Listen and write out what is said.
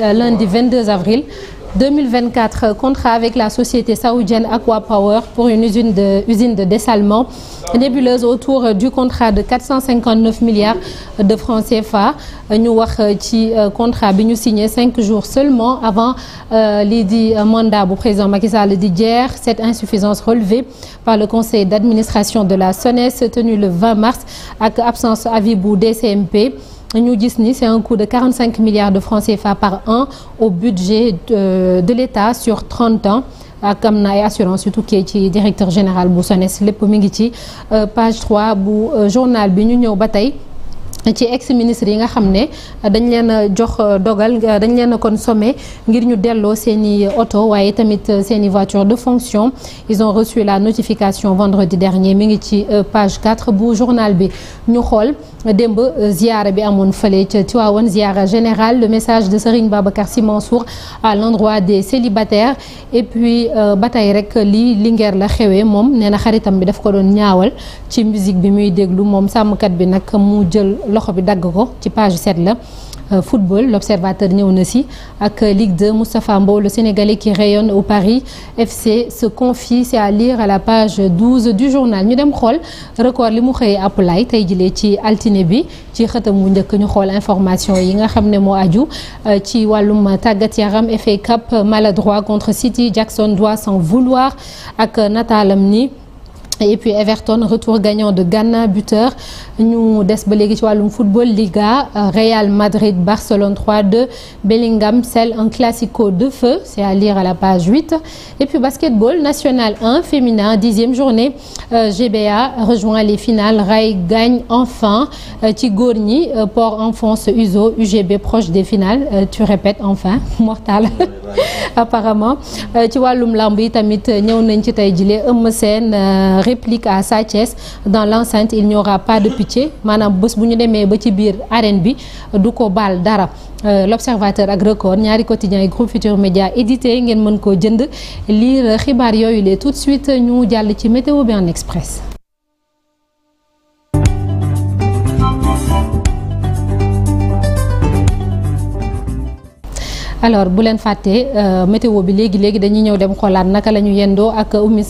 Euh, lundi 22 avril 2024 euh, contrat avec la société saoudienne Aqua Power pour une usine de usine de dessalement nébuleuse autour euh, du contrat de 459 milliards de francs CFA ñu wax ci contrat bi ñu signé cinq jours seulement avant lii di mandat bu président Macky Sall di jeex cette insuffisance relevée par le conseil d'administration de la SONES tenu le 20 mars ak absence avis bu DCMP ñu gis ni c'est un coût de 45 milliards de francs CFA par an au budget de, de l'État sur 30 ans ak am na ay assurance yu tukkee ci directeur général bu SONES lépp mu ngi ci euh, page 3 bu euh, journal bi ñu ñëw ba tey ci ex ministre yi nga xam ne dañ leen a jox euh, dogal dañ leen a kon sommé ngir ñu delloo seen i oto waaye tamit seen i voiture de fonction ils ont reçu la notification vendredi dernier mi ngi ci page 4 bu journal bi ñu xool démb euh, ziyaara bi amoon fële ca Tivaouane ziyaara général le message de Serigne Babacar Sy Mansour à l'endroit des célibataires et puis euh, ba tey rek lii Linguère la xewee moom nee na xaritam bi daf ko doon ñaawal ci musique bi muy déglu moom sàmmkat bi nag mu jël loxo bi dagg ko ci page 7 la Euh, football l'observateur ñëw na si ak euh, Ligue 2 Moustapha Mbow le Sénégalais qui rayonne au Paris FC se confie c'est à lire à la page 12 du journal ñu dem xool record li mu xëyee appalay tey jilee ci altine bi ci xëtam mu njëkk ñu xool information yi nga xam ne moo aju euh, ci wàllum tàggat yaram FA Cup maladroit contre City Jackson doit s'en vouloir ak nataalam ni et puis Everton retour gagnant de Ghana buteur ñu des ba léegi ci wàllum football Liga Real Madrid Barcelone 3-2 Bellingham scelle un classico de feu c'est à lire à la page 8 et puis basketball national 1 féminin dixième journée euh, GBA rejoint les finales Ray gagne enfin ci euh, góor ñi euh, Port enfonce USO UGB proche des finales tu répètes enfin mortal apparemment euh, ci wàllum làmb yi tamit ñëw nañ ci tey jile Eumeu Sène euh, réplique à Sa Thiès dans l'enceinte il n'y aura pas de pitié maanaam bés bu ñu demee ba ci biir arène bi du ko baal dara euh, l'observateur ak record ñaari quotidien yi groupe Futurs Médias édité ngeen mën koo jënd lire xibaar yooyu lee tout de suite ñu jàll ci météo bi en express alors bu leen fàttee euh, météo bi léegi léegi dañuy ñëw dem xolaat naka la ñu yendoo ak ummi